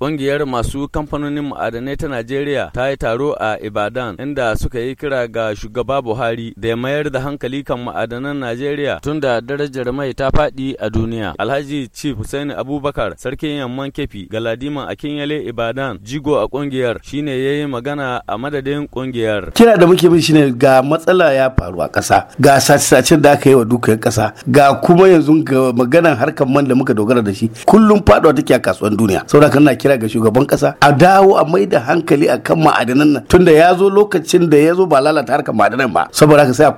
Ƙungiyar masu kamfanonin ma'adanai ta Najeriya ta yi taro a Ibadan inda suka yi kira ga shugaba Buhari da ya mayar da hankali kan ma'adanan Najeriya tun da darajar mai ta faɗi a duniya. Alhaji Chief Hussein Abubakar sarkin yamman kefi Galadima Akinyele Ibadan jigo a ƙungiyar shine ya yi magana a madadin ƙungiyar. Kira da muke min shine ga matsala ya faru a ƙasa ga sace-sacen da aka yi wa dukiyar ƙasa ga kuma yanzu ga maganar harkar man da muka dogara da shi kullum faɗuwa take a kasuwan duniya. Saboda na kira ga shugaban kasa a dawo a mai da hankali a kan ma'adanan nan tunda ya zo lokacin da ya zo ba lalata harkar ma'adanan ba saboda haka sai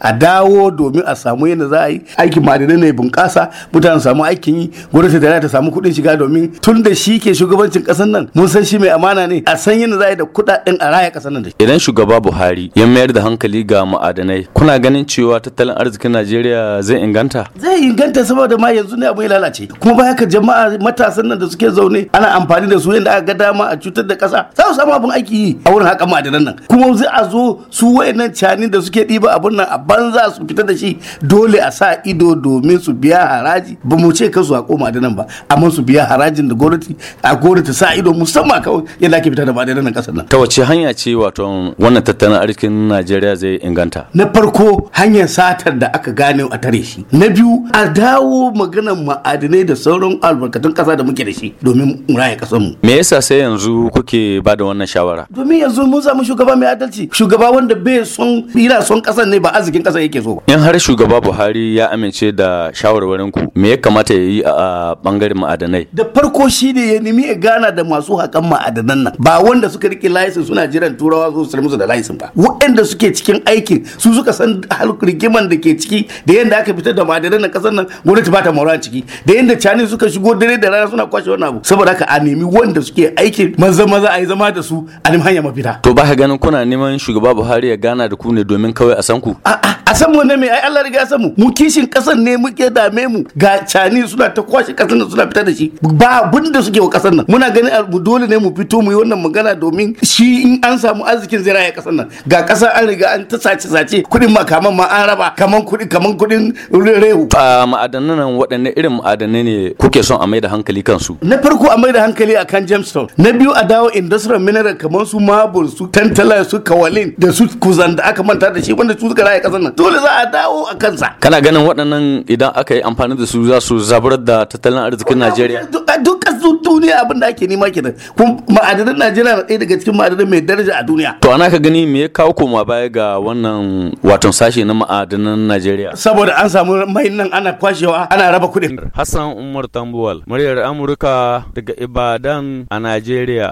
a dawo domin a samu yadda za a yi aikin ma'adanan ne bunƙasa mutane samu aikin yi gwamnati da ta samu kuɗin shiga domin tunda shi ke shugabancin ƙasar nan mun san shi mai amana ne a san yadda za a yi da kuɗaɗen a raya ƙasar nan da idan shugaba Buhari ya mayar da hankali ga ma'adanai kuna ganin cewa tattalin arzikin Najeriya zai inganta zai inganta saboda ma yanzu ne abu ya lalace kuma ba ka jama'a matasan nan da suke zaune ana amfani amfani da su yadda aka ga dama a cutar da kasa za su samu abin aiki yi a wurin haƙa ma'adanan nan kuma za a zo su wayannan canin da suke ɗiba abin nan a banza su fita da shi dole a sa ido domin su biya haraji ba mu ce kansu a ko ma'adanan ba amma su biya harajin da gwamnati a gwamnati sa ido musamman kawai yadda ake fita da ma'adanan nan kasar nan. ta wace hanya ce wato wannan tattalin arzikin najeriya zai inganta. na farko hanyar satar da aka gane a tare shi na biyu a dawo maganar ma'adanai da sauran albarkatun kasa da muke da shi domin mura ya kasanmu. Me yasa sai yanzu kuke ba da wannan shawara? Domin yanzu mun samu shugaba mai adalci, shugaba wanda bai son yana son kasan ne ba arzikin kasan yake so. In har shugaba Buhari ya amince da shawarwarin ku, me ya kamata ya yi a bangaren ma'adanai? Da farko shi ne ya nemi ya gana da masu hakan ma'adanan nan, ba wanda suka rike layisin suna jiran turawa su sayar musu da layisin ba. Waɗanda suke cikin aikin su suka san rigiman da ke ciki da yadda aka fitar da ma'adanan nan kasar nan gwamnati ba ta mora ciki da yadda cani suka shigo dare da rana suna kwashe wani abu saboda ka a nemi wanda suke aikin maza maza a yi zama da su a hanya mafita to ba ka ganin kuna neman shugaba Buhari ya gana da ku ne domin kawai a san ku a'a a san mu ne me ai Allah riga san mu mu kishin kasan ne muke dame mu ga cani suna ta kwashe kasar nan suna fita da shi ba abin da suke wa kasan nan muna ganin dole ne mu fito mu yi wannan magana domin shi in an samu arzikin zai raya kasan nan ga kasan an riga an ta sace sace ma makaman ma an raba kaman kuɗi kaman kudin rehu a ma'adanan nan waɗanne irin ma'adanai ne kuke son a maida hankali kansu na farko a mai hankali akan gemstone na biyu a dawo industrial mineral kaman su marble su tantala su kawalin da su kuzan da aka manta da shi wanda su suka raya kasar nan dole za a dawo a kansa kana ganin waɗannan idan aka yi amfani da su za su zabar da tattalin arzikin najeriya duk su duniya abin da ake nema kenan kun ma'adanan najeriya na ɗaya daga cikin ma'adanan mai daraja a duniya to ana ka gani me ya kawo koma baya ga wannan wato sashe na ma'adanan najeriya saboda an samu mai nan ana kwashewa ana raba kuɗin hassan umar tambuwal muryar amurka daga ibadan a najeriya